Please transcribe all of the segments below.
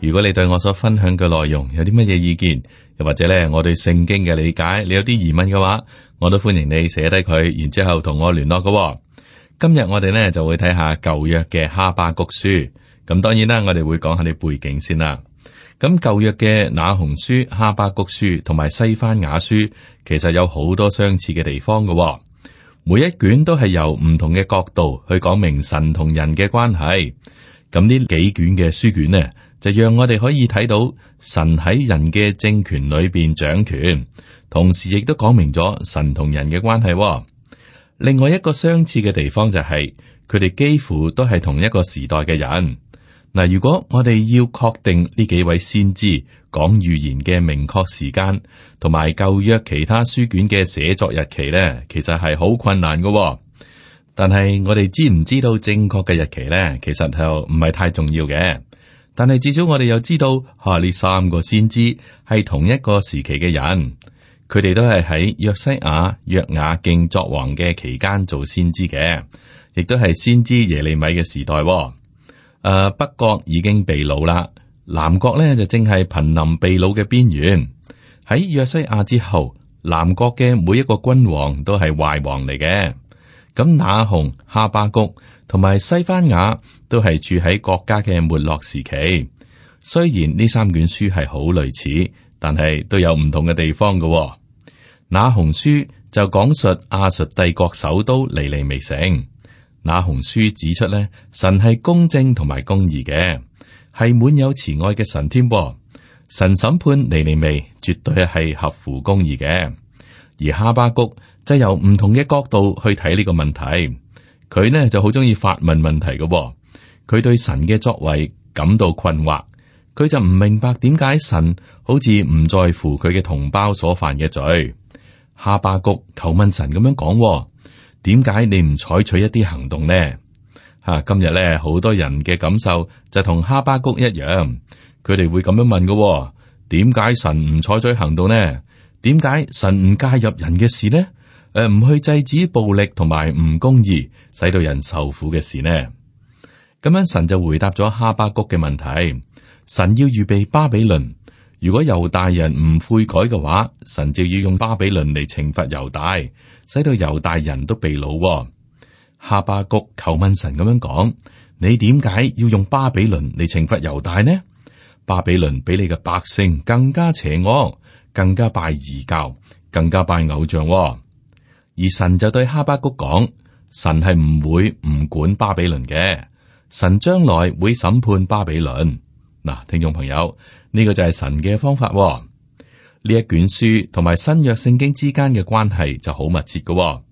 如果你對我所分享嘅內容有啲乜嘢意見，又或者咧，我對聖經嘅理解，你有啲疑問嘅話，我都歡迎你寫低佢，然之後同我聯絡㗎喎。今日我哋咧就會睇下舊約嘅哈巴谷書，咁當然啦，我哋會講下你背景先啦。咁舊約嘅那鴻書、哈巴谷書同埋西番雅書，其實有好多相似嘅地方㗎喎。每一卷都係由唔同嘅角度去講明神同人嘅關係。咁呢幾卷嘅書卷呢？就讓我哋可以睇到神喺人嘅政權裏邊掌權，同時亦都講明咗神同人嘅關係。另外一個相似嘅地方就係佢哋幾乎都係同一個時代嘅人。嗱，如果我哋要確定呢幾位先知講預言嘅明確時間，同埋舊約其他書卷嘅寫作日期咧，其實係好困難嘅。但係我哋知唔知道正確嘅日期咧，其實係唔係太重要嘅。但係至少我哋又知道下列三個先知係同一個時期嘅人，佢哋都係喺約西亞、約雅敬作王嘅期間做先知嘅，亦都係先知耶利米嘅時代、哦。誒、啊，北國已經被擄啦，南國呢就正係瀕臨被擄嘅邊緣。喺約西亞之後，南國嘅每一個君王都係壞王嚟嘅。咁那鴻、哈巴谷。同埋西番雅都係住喺國家嘅沒落時期。雖然呢三卷書係好類似，但係都有唔同嘅地方嘅、哦。那鴻書就講述亞述帝國首都尼尼微城。那鴻書指出呢神係公正同埋公義嘅，係滿有慈愛嘅神添、啊。神審判尼尼微絕對係合乎公義嘅。而哈巴谷就由唔同嘅角度去睇呢個問題。佢呢就好中意發問問題噶，佢對神嘅作為感到困惑，佢就唔明白點解神好似唔在乎佢嘅同胞所犯嘅罪。哈巴谷求問神咁樣講，點解你唔採取一啲行動呢？吓，今日呢好多人嘅感受就同哈巴谷一樣，佢哋會咁樣問噶，點解神唔採取行動呢？點解神唔介入人嘅事呢？誒，唔、呃、去制止暴力同埋唔公義，使到人受苦嘅事呢？咁樣神就回答咗哈巴谷嘅問題。神要預備巴比倫，如果猶大人唔悔改嘅話，神就要用巴比倫嚟懲罰猶大，使到猶大人都被擄、哦。哈巴谷求問神咁樣講：你點解要用巴比倫嚟懲罰猶大呢？巴比倫比你嘅百姓更加邪惡，更加拜異教，更加拜偶像、哦。而神就對哈巴谷講：神係唔會唔管巴比倫嘅，神將來會審判巴比倫。嗱，聽眾朋友，呢、這個就係神嘅方法。呢一卷書同埋新約聖經之間嘅關係就好密切嘅。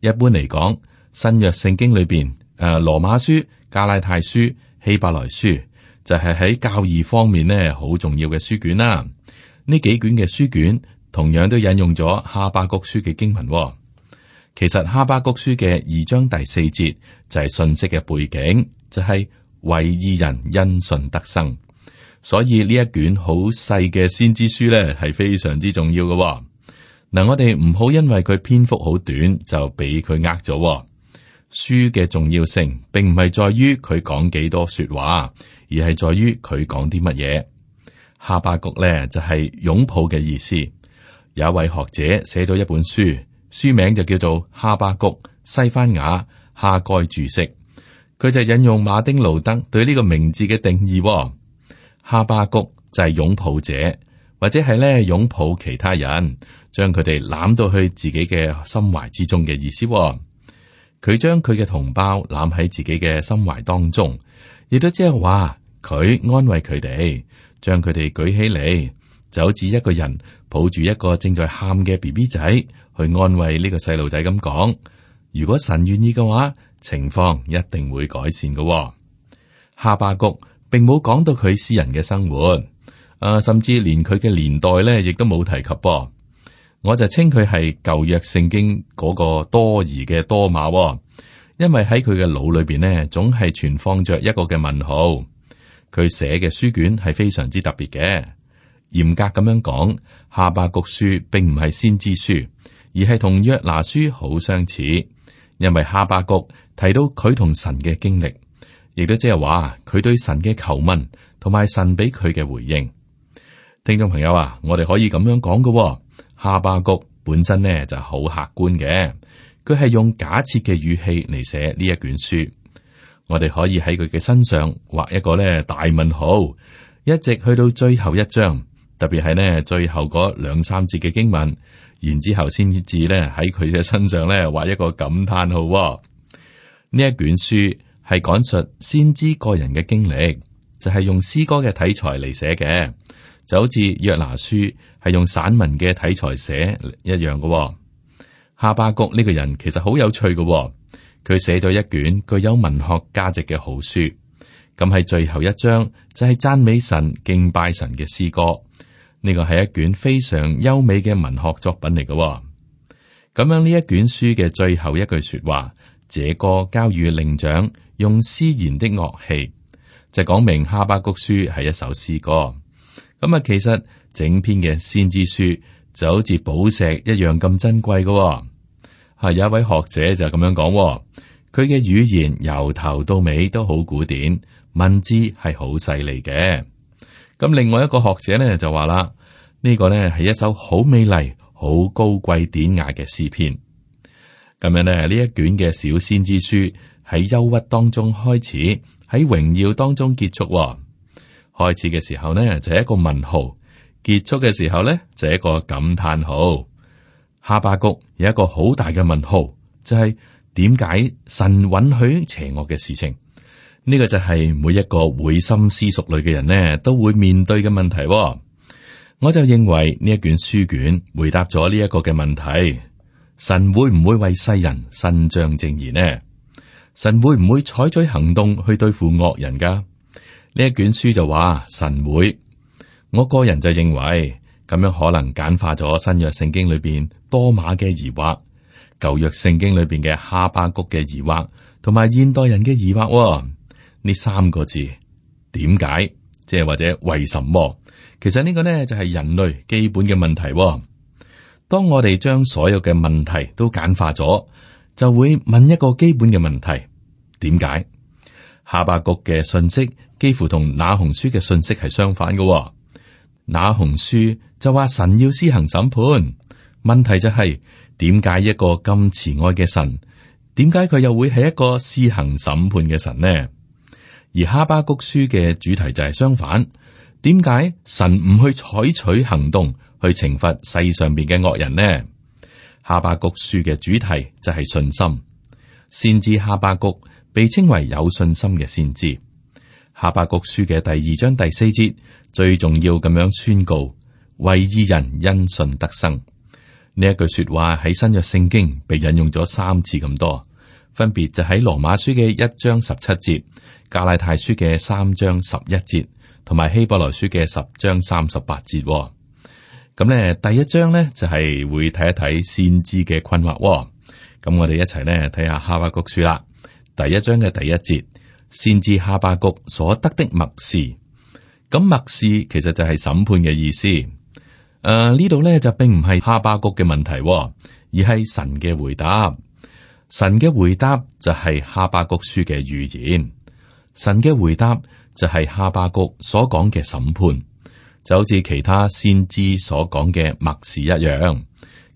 一般嚟講，新約聖經裏邊，誒，羅馬書、加拉太書、希伯來書就係、是、喺教義方面呢好重要嘅書卷啦。呢幾卷嘅書卷同樣都引用咗哈巴谷書嘅經文。其實《哈巴谷書》嘅二章第四節就係信息嘅背景，就係、是、為義人因信得生。所以呢一卷好細嘅先知書咧，係非常之重要嘅、哦。嗱，我哋唔好因為佢篇幅好短就俾佢呃咗。書嘅重要性並唔係在於佢講幾多說話，而係在於佢講啲乜嘢。哈巴谷咧就係、是、擁抱嘅意思。有一位學者寫咗一本書。書名就叫做《哈巴谷》，西番雅哈該注釋。佢就引用馬丁路德對呢個名字嘅定義：哈巴谷就係擁抱者，或者係咧擁抱其他人，將佢哋攬到去自己嘅心懷之中嘅意思。佢將佢嘅同胞攬喺自己嘅心懷當中，亦都即係話佢安慰佢哋，將佢哋舉起嚟,就好似一個人抱住一個正在喊嘅 B B 仔，去安慰呢個細路仔咁講，如果神願意嘅話，情況一定會改善嘅、哦。哈巴谷並冇講到佢私人嘅生活，誒、啊，甚至連佢嘅年代咧，亦都冇提及。噉，我就稱佢係舊約聖經嗰個多疑嘅多馬、哦，因為喺佢嘅腦裏邊呢，總係存放着一個嘅問號。佢寫嘅書卷係非常之特別嘅，嚴格咁樣講，哈巴谷書並唔係先知書。而係同約拿書好相似，因為哈巴谷提到佢同神嘅經歷，亦都即係話佢對神嘅求問，同埋神俾佢嘅回應。聽眾朋友啊，我哋可以咁樣講嘅、哦，哈巴谷本身呢就好、是、客觀嘅，佢係用假設嘅語氣嚟寫呢一卷書。我哋可以喺佢嘅身上畫一個呢大問號，一直去到最後一章，特別係呢最後嗰兩三節嘅經文。然之後先至咧喺佢嘅身上咧畫一個感嘆號。呢一卷書係講述先知個人嘅經歷，就係、是、用詩歌嘅題材嚟寫嘅，就好似約拿書係用散文嘅題材寫一樣嘅。哈巴谷呢個人其實好有趣嘅，佢寫咗一卷具有文學價值嘅好書。咁喺最後一章就係、是、讚美神、敬拜神嘅詩歌。呢個係一卷非常優美嘅文學作品嚟噶，咁樣呢一卷書嘅最後一句說話，這歌交與伶長用詩言的樂器，就講明《哈巴谷書》係一首詩歌。咁啊，其實整篇嘅先知書就好似寶石一樣咁珍貴噶。係有一位學者就咁樣講，佢嘅語言由頭到尾都好古典，文字係好犀利嘅。咁另外一個學者咧就話啦，呢個呢係一首好美麗、好高貴、典雅嘅詩篇。咁樣呢，呢一卷嘅小先知書喺憂鬱當中開始，喺榮耀當中結束。開始嘅時候呢，就係一個問號，結束嘅時候呢，就一個感嘆號。哈巴谷有一個好大嘅問號，就係點解神允許邪惡嘅事情？呢個就係每一個會深思熟慮嘅人呢都會面對嘅問題，哦。我就認為呢一卷書卷回答咗呢一個嘅問題：神會唔會為世人伸張正義呢？神會唔會採取行動去對付惡人？噶呢一卷書就話神會。我個人就認為咁樣可能簡化咗新約聖經裏邊多馬嘅疑惑，舊約聖經裏邊嘅哈巴谷嘅疑惑，同埋現代人嘅疑惑，哦。呢三個字點解？即係或者為什麼？其實呢個呢，就係人類基本嘅問題。當我哋將所有嘅問題都簡化咗，就會問一個基本嘅問題：點解哈巴谷嘅信息幾乎同那鴻書嘅信息係相反嘅？那鴻書就話神要施行審判，問題就係，點解一個咁慈愛嘅神，點解佢又會係一個施行審判嘅神呢？而哈巴谷書嘅主題就係相反，點解神唔去採取行動，去懲罰世上邊嘅惡人呢？哈巴谷書嘅主題就係信心。先知哈巴谷被稱為有信心嘅先知。哈巴谷書嘅第二章第四節，最重要咁樣宣告：為義人因信得生。呢一句說話喺新約聖經被引用咗三次咁多，分別就喺羅馬書嘅一章十七節。加拉太書嘅三章十一節，同埋希伯來書嘅十章三十八節。咁、嗯、咧，第一章咧就係會睇一睇先知嘅困惑。咁、嗯、我哋一齊咧睇下哈巴谷書啦。第一章嘅第一節，先知哈巴谷所得的默示，咁默示其實就係審判嘅意思。誒、呃，呢度咧就並唔係哈巴谷嘅問題，而係神嘅回答。神嘅回答就係哈巴谷書嘅預言。神嘅回答就係哈巴谷所講嘅審判，就好似其他先知所講嘅默示一樣。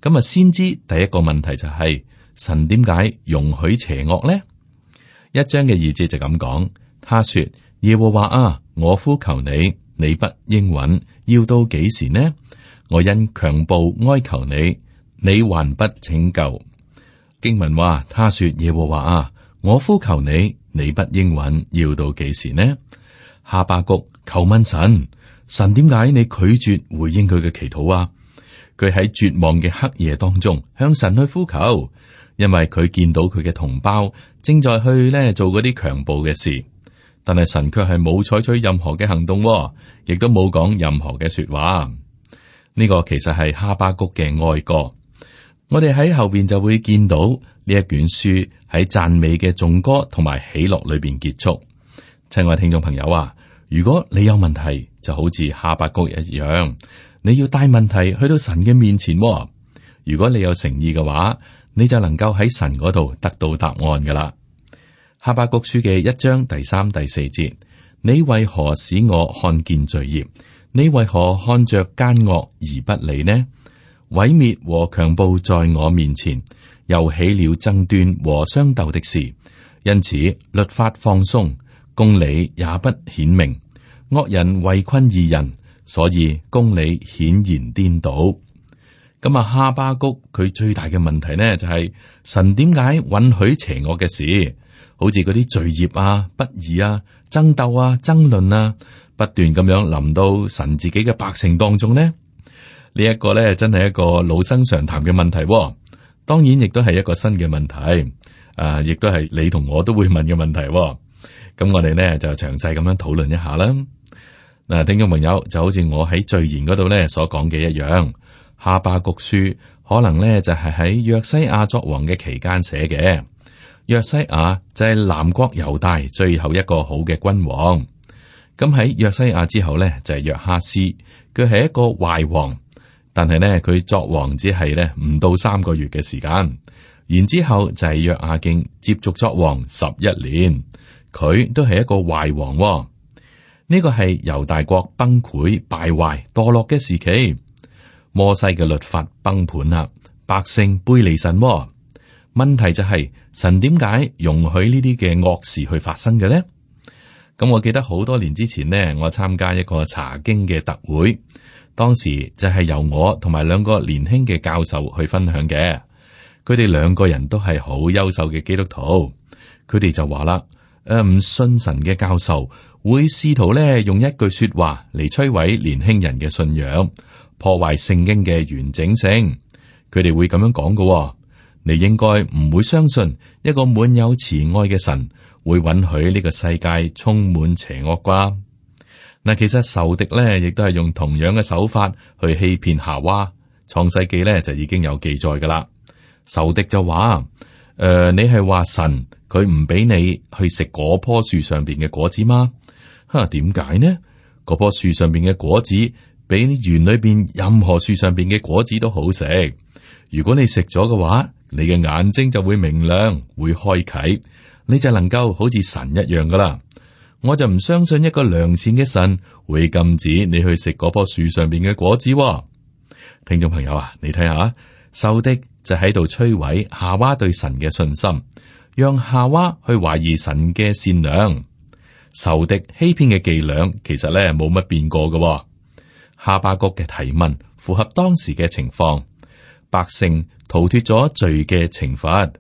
咁啊，先知第一個問題就係、是、神點解容許邪惡呢？一章嘅二節就咁講，他說耶和華啊，我呼求你，你不應允，要到幾時呢？我因強暴哀求你，你還不拯救。經文話，他說耶和華啊。我呼求你，你不應允，要到幾時呢？哈巴谷求問神，神點解你拒絕回應佢嘅祈禱啊？佢喺絕望嘅黑夜當中向神去呼求，因為佢見到佢嘅同胞正在去呢做嗰啲強暴嘅事，但係神卻係冇採取任何嘅行動，亦都冇講任何嘅說話。呢個其實係哈巴谷嘅哀歌，我哋喺後邊就會見到呢一卷書。喺讚美嘅頌歌同埋喜樂裏邊結束，親愛聽眾朋友啊，如果你有問題，就好似哈巴谷一樣，你要帶問題去到神嘅面前，哦。如果你有誠意嘅話，你就能夠喺神嗰度得到答案噶啦。哈巴谷書嘅一章第三、第四節，你為何使我看見罪孽？你為何看着奸惡而不理呢？毀滅和強暴在我面前，又起了爭端和相鬥的事，因此律法放鬆，公理也不顯明，惡人圍困義人，所以公理顯然顛倒。咁啊，哈巴谷佢最大嘅問題呢，就係、是、神點解允許邪惡嘅事，好似嗰啲罪孽啊、不義啊、爭鬥啊、爭論啊，不斷咁樣臨到神自己嘅百姓當中呢？呢、這、一個呢，真係一個老生常談嘅問題、啊。當然，亦都係一個新嘅問題，誒、啊，亦都係你同我都會問嘅問題、哦。咁我哋呢就詳細咁樣討論一下啦。嗱，聽眾朋友，就好似我喺序言嗰度呢所講嘅一樣，《哈巴谷書》可能呢就係喺約西亞作王嘅期間寫嘅。約西亞就係南國猶大最後一個好嘅君王。咁喺約西亞之後呢，就係約哈斯，佢係一個壞王。但係咧，佢作王只係咧唔到三個月嘅時間，然之後就係約亞敬接續作王十一年，佢都係一個壞王、哦。呢、這個係猶大國崩潰敗壞墮落嘅時期，摩西嘅律法崩盤啦，百姓背離神、哦。問題就係、是、神點解容許呢啲嘅惡事去發生嘅呢？咁我記得好多年之前呢，我參加一個查經嘅特會。當時就係由我同埋兩個年輕嘅教授去分享嘅，佢哋兩個人都係好優秀嘅基督徒，佢哋就話啦：，誒、嗯、唔信神嘅教授會試圖咧用一句說話嚟摧毀年輕人嘅信仰，破壞聖經嘅完整性，佢哋會咁樣講嘅。你應該唔會相信一個滿有慈愛嘅神會允許呢個世界充滿邪惡啩？嗱，其實仇敵咧，亦都係用同樣嘅手法去欺騙夏娃，《創世記》咧就已經有記載噶啦。仇敵就話：，誒、呃，你係話神佢唔俾你去食嗰棵樹上邊嘅果子嗎？哈，點解呢？嗰棵樹上邊嘅果子比園裏邊任何樹上邊嘅果子都好食。如果你食咗嘅話，你嘅眼睛就會明亮，會開啟，你就能夠好似神一樣噶啦。我就唔相信一個良善嘅神會禁止你去食嗰棵樹上邊嘅果子，哦。聽眾朋友啊，你睇下，仇敵就喺度摧毀夏娃對神嘅信心，讓夏娃去懷疑神嘅善良。仇敵欺騙嘅伎倆其實咧冇乜變過嘅，哦。哈巴谷嘅提問符合當時嘅情況，百姓逃脱咗罪嘅懲罰，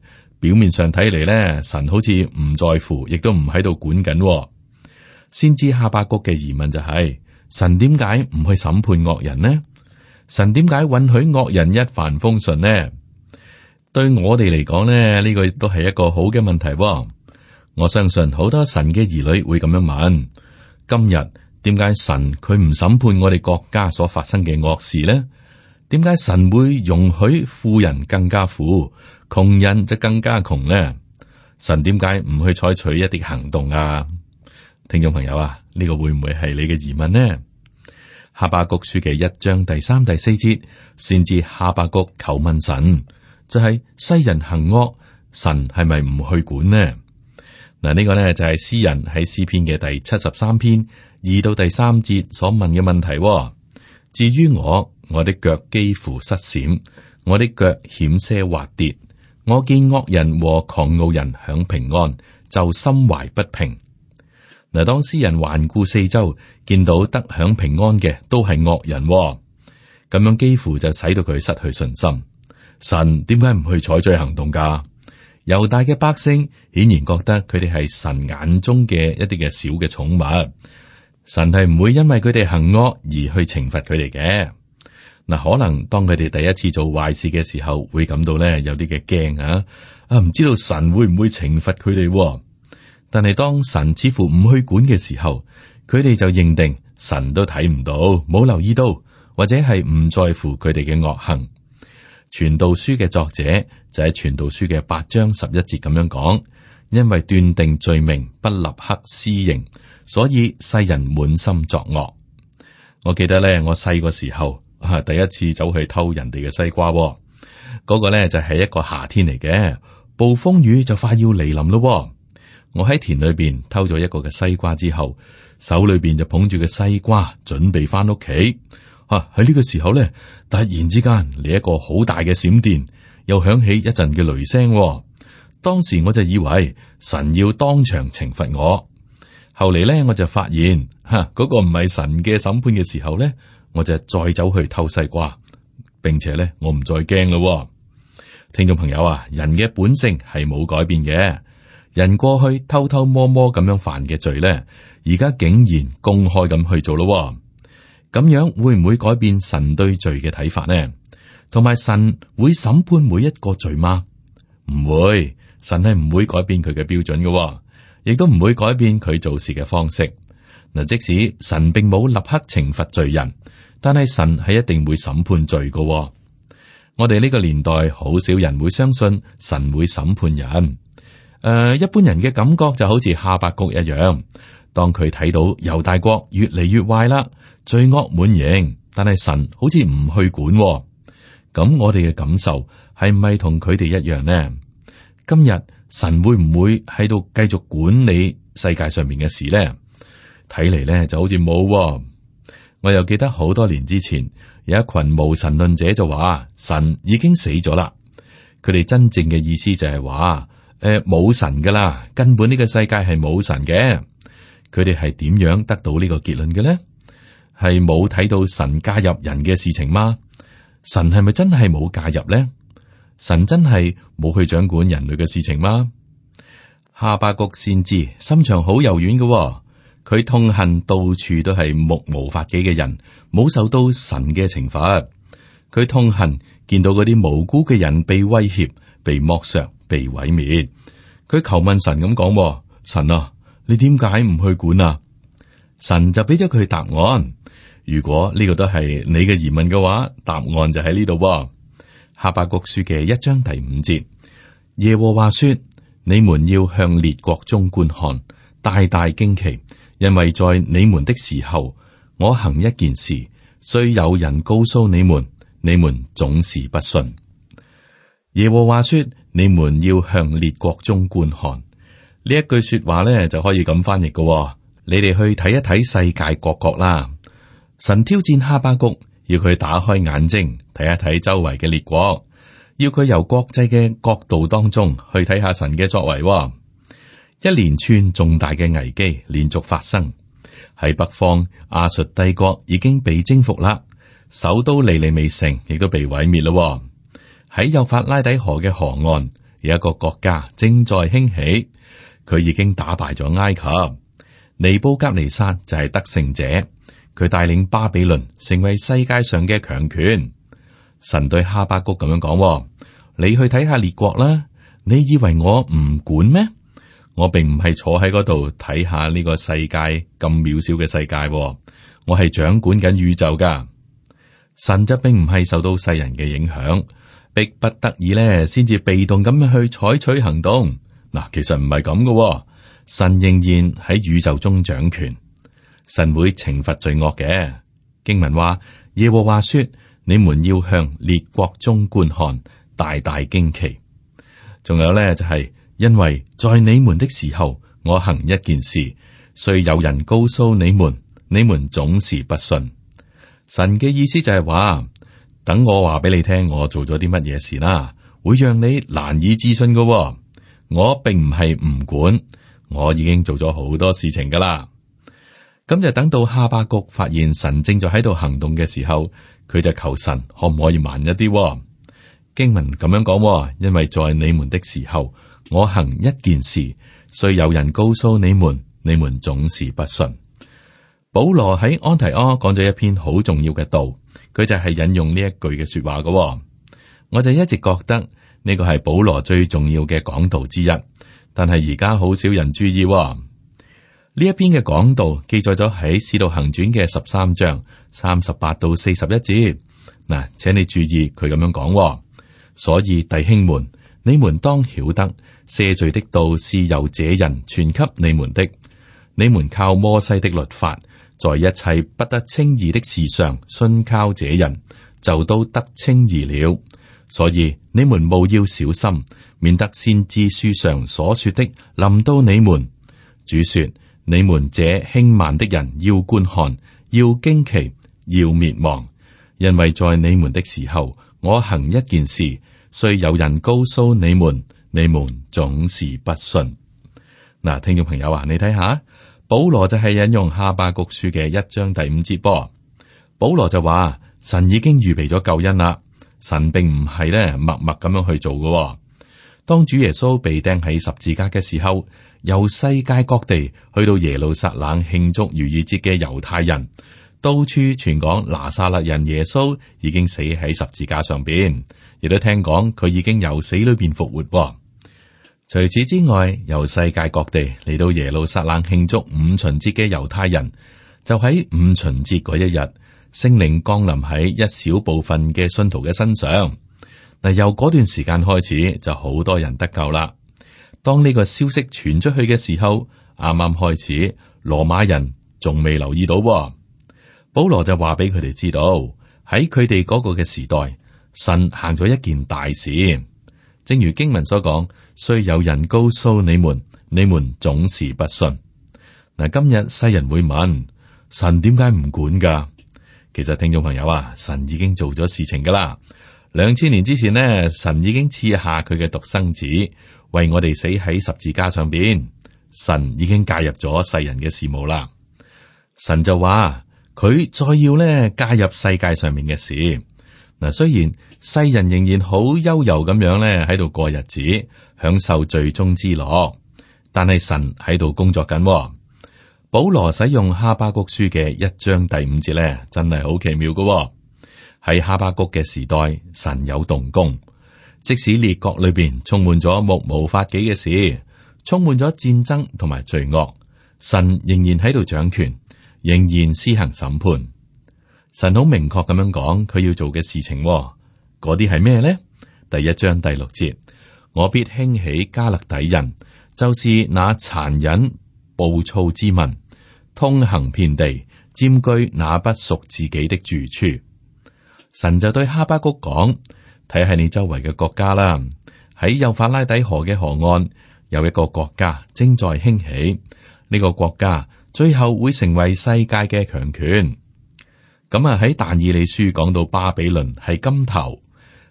表面上睇嚟咧神好似唔在乎，亦都唔喺度管緊。先知哈巴谷嘅疑問就係、是：神點解唔去審判惡人呢？神點解允許惡人一帆風順呢？對我哋嚟講呢，呢個都係一個好嘅問題。我相信好多神嘅兒女會咁樣問：今日點解神佢唔審判我哋國家所發生嘅惡事呢？點解神會容許富人更加苦，窮人就更加窮呢？神點解唔去採取一啲行動啊？聽眾朋友啊，呢、這個會唔會係你嘅疑問呢？哈巴谷書嘅一章第三、第四節，先至哈巴谷求問神，就係、是、西人行惡，神係咪唔去管呢？嗱，呢個呢就係、是、詩人喺詩篇嘅第七十三篇二到第三節所問嘅問題、哦。至於我，我的腳幾乎失閃，我的腳險些滑跌，我見惡人和狂傲人享平安，就心懷不平。嗱，當詩人環顧四周，見到得享平安嘅都係惡人、哦，咁樣幾乎就使到佢失去信心。神點解唔去採取行動噶？猶大嘅百姓顯然覺得佢哋係神眼中嘅一啲嘅小嘅寵物，神係唔會因為佢哋行惡而去懲罰佢哋嘅。嗱，可能當佢哋第一次做壞事嘅時候，會感到咧有啲嘅驚啊，啊唔知道神會唔會懲罰佢哋。但係當神似乎唔去管嘅時候，佢哋就認定神都睇唔到，冇留意到，或者係唔在乎佢哋嘅惡行。傳道書嘅作者就喺傳道書嘅八章十一節咁樣講：因為斷定罪名不立刻施刑，所以世人滿心作惡。我記得咧，我細個時候啊，第一次走去偷人哋嘅西瓜，嗰個咧就係一個夏天嚟嘅，暴風雨就快要嚟臨咯。我喺田裏邊偷咗一個嘅西瓜之後，手裏邊就捧住個西瓜，準備翻屋企。吓，喺呢個時候咧，突然之間嚟一個好大嘅閃電，又響起一陣嘅雷聲。當時我就以為神要當場懲罰我。後嚟咧，我就發現吓嗰、啊那個唔係神嘅審判嘅時候咧，我就再走去偷西瓜，並且咧我唔再驚咯。聽眾朋友啊，人嘅本性係冇改變嘅。人過去偷偷摸摸咁樣犯嘅罪呢，而家竟然公開咁去做咯，咁樣會唔會改變神對罪嘅睇法呢？同埋神會審判每一個罪嗎？唔會，神係唔會改變佢嘅標準嘅，亦都唔會改變佢做事嘅方式。嗱，即使神並冇立刻懲罰罪人，但係神係一定會審判罪嘅。我哋呢個年代好少人會相信神會審判人。誒，uh, 一般人嘅感覺就好似哈巴谷一樣。當佢睇到猶大國越嚟越壞啦，罪惡滿盈，但係神好似唔去管喎。咁我哋嘅感受係咪同佢哋一樣呢？今日神會唔會喺度繼續管理世界上面嘅事呢？睇嚟呢就好似冇喎。我又記得好多年之前有一群無神論者就話神已經死咗啦。佢哋真正嘅意思就係話。誒，冇神噶啦，根本呢個世界係冇神嘅。佢哋係點樣得到呢個結論嘅呢？係冇睇到神介入人嘅事情嗎？神係咪真係冇介入呢？神真係冇去掌管人類嘅事情嗎？哈巴谷先知，心腸好柔軟嘅哦。佢痛恨到處都係目無法紀嘅人，冇受到神嘅懲罰。佢痛恨見到嗰啲無辜嘅人被威脅、被剝削被毀滅，佢求問神咁講，神啊，你點解唔去管啊？神就俾咗佢答案。如果呢個都係你嘅疑問嘅話，答案就喺呢度。哈巴谷書嘅一章第五節，耶和華說：你們要向列國中觀看，大大驚奇，因為在你們的時候，我行一件事，雖有人告訴你們，你們總是不信。耶和華說。你們要向列國中觀看，呢一句說話咧，就可以咁翻譯嘅。你哋去睇一睇世界各國啦。神挑戰哈巴谷，要佢打開眼睛睇一睇周圍嘅列國，要佢由國際嘅角度當中去睇下神嘅作為。一連串重大嘅危機連續發生，喺北方亞述帝國已經被征服啦，首都尼尼微城亦都被毀滅咯。喺有法拉底河嘅河岸有一個國家正在興起，佢已經打敗咗埃及，尼布吉尼山就係得勝者。佢帶領巴比倫成為世界上嘅強權。神對哈巴谷咁樣講：你去睇下列國啦。你以為我唔管咩？我並唔係坐喺嗰度睇下呢個世界咁渺小嘅世界。我係掌管緊宇宙噶神，則並唔係受到世人嘅影響。迫不得已呢，先至被動咁去採取行動。嗱，其實唔係咁嘅，神仍然喺宇宙中掌權，神會懲罰罪惡嘅。經文話：耶和華說，你們要向列國中觀看，大大驚奇。仲有呢，就係、是、因為在你們的時候，我行一件事，雖有人告訴你們，你們總是不信。神嘅意思就係話。等我話俾你聽，我做咗啲乜嘢事啦，會讓你難以置信嘅。我並唔係唔管，我已經做咗好多事情噶啦。咁就等到哈巴谷發現神正在喺度行動嘅時候，佢就求神可唔可以慢一啲、哦。經文咁樣講，因為在你們的時候，我行一件事，雖有人告訴你們，你們總是不信。保羅喺安提阿講咗一篇好重要嘅道。佢就係引用呢一句嘅說話噶、哦，我就一直覺得呢、這個係保羅最重要嘅講道之一，但係而家好少人注意呢、哦、一篇嘅講道記載咗喺《使徒行傳》嘅十三章三十八到四十一節。嗱、啊，請你注意佢咁樣講、哦，所以弟兄們，你們當曉得赦罪的道是由這人傳給你們的，你們靠摩西的律法。在一切不得稱義的事上信靠這人，就都得稱義了。所以你們務要小心，免得先知書上所說的臨到你們。主說：你們這輕慢的人要觀看，要驚奇，要滅亡，因為在你們的時候，我行一件事，雖有人告訴你們，你們總是不信。嗱，聽眾朋友啊，你睇下。保羅就係引用《哈巴谷書》嘅一章第五節噃。保羅就話：神已經預備咗救恩啦，神並唔係咧默默咁樣去做噶。當主耶穌被釘喺十字架嘅時候，由世界各地去到耶路撒冷慶祝逾越節嘅猶太人，到處傳講拿撒勒人耶穌已經死喺十字架上邊，亦都聽講佢已經由死裏邊復活。除此之外，由世界各地嚟到耶路撒冷慶祝五旬節嘅猶太人，就喺五旬節嗰一日，聖靈降臨喺一小部分嘅信徒嘅身上。嗱，由嗰段時間開始，就好多人得救啦。當呢個消息傳出去嘅時候，啱啱開始，羅馬人仲未留意到。保羅就話俾佢哋知道，喺佢哋嗰個嘅時代，神行咗一件大事，正如經文所講。雖有人告訴你們，你們總是不信。嗱，今日世人會問：神點解唔管噶？其實聽眾朋友啊，神已經做咗事情噶啦。兩千年之前呢，神已經賜下佢嘅獨生子，為我哋死喺十字架上邊。神已經介入咗世人嘅事務啦。神就話：佢再要呢，介入世界上面嘅事。嗱，雖然世人仍然好悠游咁樣咧喺度過日子，享受最終之樂，但係神喺度工作緊。保羅使用哈巴谷書嘅一章第五節咧，真係好奇妙㗎。喺哈巴谷嘅時代，神有動工，即使列國裏邊充滿咗目無法紀嘅事，充滿咗戰爭同埋罪惡，神仍然喺度掌權，仍然施行審判。神好明確咁樣講佢要做嘅事情，哦，嗰啲係咩呢？第一章第六節，我必興起迦勒底人，就是那殘忍暴躁之民，通行遍地，佔據那不屬自己的住處。神就對哈巴谷講：睇下你周圍嘅國家啦，喺幼發拉底河嘅河岸有一個國家正在興起，呢，這個國家最後會成為世界嘅強權。咁啊！喺但以理書講到巴比倫係金頭，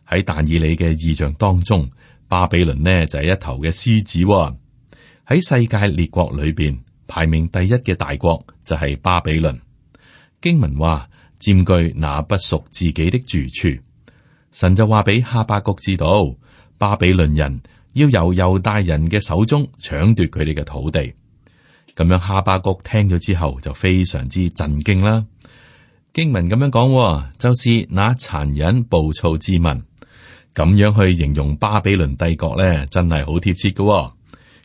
喺但以理嘅意象當中，巴比倫呢就係一頭嘅獅子喎。喺世界列國裏邊，排名第一嘅大國就係巴比倫。經文話佔據那不屬自己的住處，神就話俾哈巴谷知道，巴比倫人要由猶大人嘅手中搶奪佢哋嘅土地。咁樣哈巴谷聽咗之後就非常之震驚啦。經文咁樣講，就是那殘忍、暴躁之民，咁樣去形容巴比倫帝國呢，真係好貼切嘅。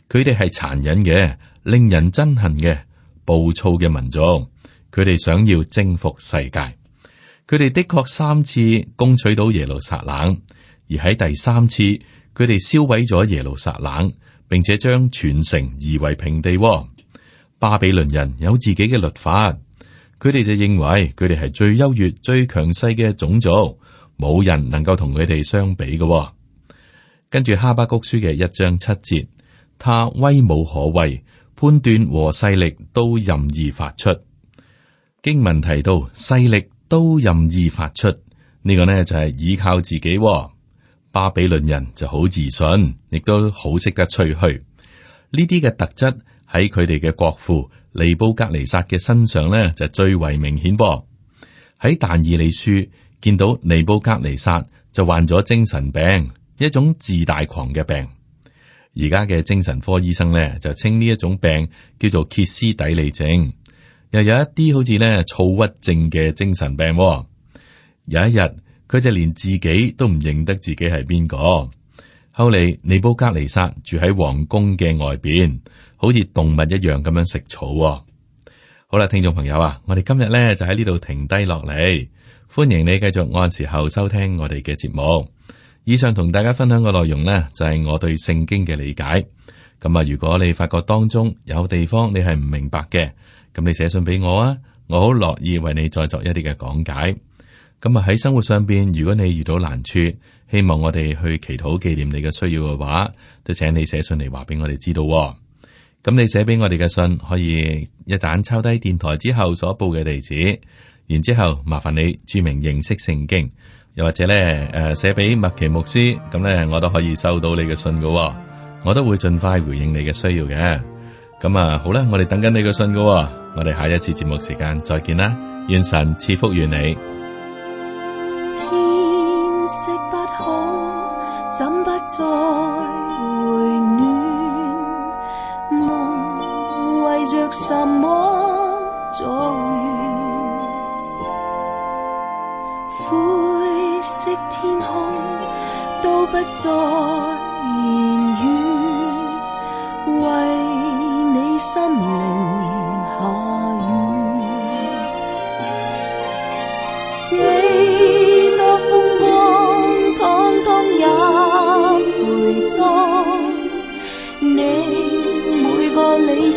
佢哋係殘忍嘅、令人憎恨嘅、暴躁嘅民族。佢哋想要征服世界。佢哋的確三次攻取到耶路撒冷，而喺第三次，佢哋燒毀咗耶路撒冷，並且將全城夷為平地。巴比倫人有自己嘅律法。佢哋就認為佢哋係最優越、最強勢嘅種族，冇人能夠同佢哋相比嘅、哦。跟住哈巴谷書嘅一章七節，他威武可畏，判斷和勢力都任意發出。經文提到勢力都任意發出，呢、這個呢就係、是、依靠自己、哦。巴比倫人就好自信，亦都好識得吹噓。呢啲嘅特質喺佢哋嘅國父。尼布格尼撒嘅身上咧就最為明顯噃。喺但以理書見到尼布格尼撒就患咗精神病，一種自大狂嘅病。而家嘅精神科醫生咧就稱呢一種病叫做歇斯底里症，又有一啲好似咧躁鬱症嘅精神病、哦。有一日佢就連自己都唔認得自己係邊個。後嚟，尼布格尼撒住喺王宮嘅外邊，好似動物一樣咁樣食草。好啦，聽眾朋友啊，我哋今日咧就喺呢度停低落嚟。歡迎你繼續按時候收聽我哋嘅節目。以上同大家分享嘅內容呢，就係我對聖經嘅理解。咁啊，如果你發覺當中有地方你係唔明白嘅，咁你寫信俾我啊，我好樂意為你再作一啲嘅講解。咁啊，喺生活上邊，如果你遇到難處，希望我哋去祈禱紀念你嘅需要嘅話，都請你寫信嚟，話俾我哋知道。咁你寫俾我哋嘅信，可以一陣抄低電台之後所報嘅地址，然之後麻煩你注明認識聖經，又或者咧誒、呃、寫俾麥奇牧師，咁咧我都可以收到你嘅信㗎，我都會盡快回應你嘅需要嘅。咁啊好啦，我哋等緊你嘅信㗎，我哋下一次節目時間再見啦，願神賜福與你。天色。怎不再回暖？夢為着什麼阻斷？灰色天空都不再言語，為你心靈下。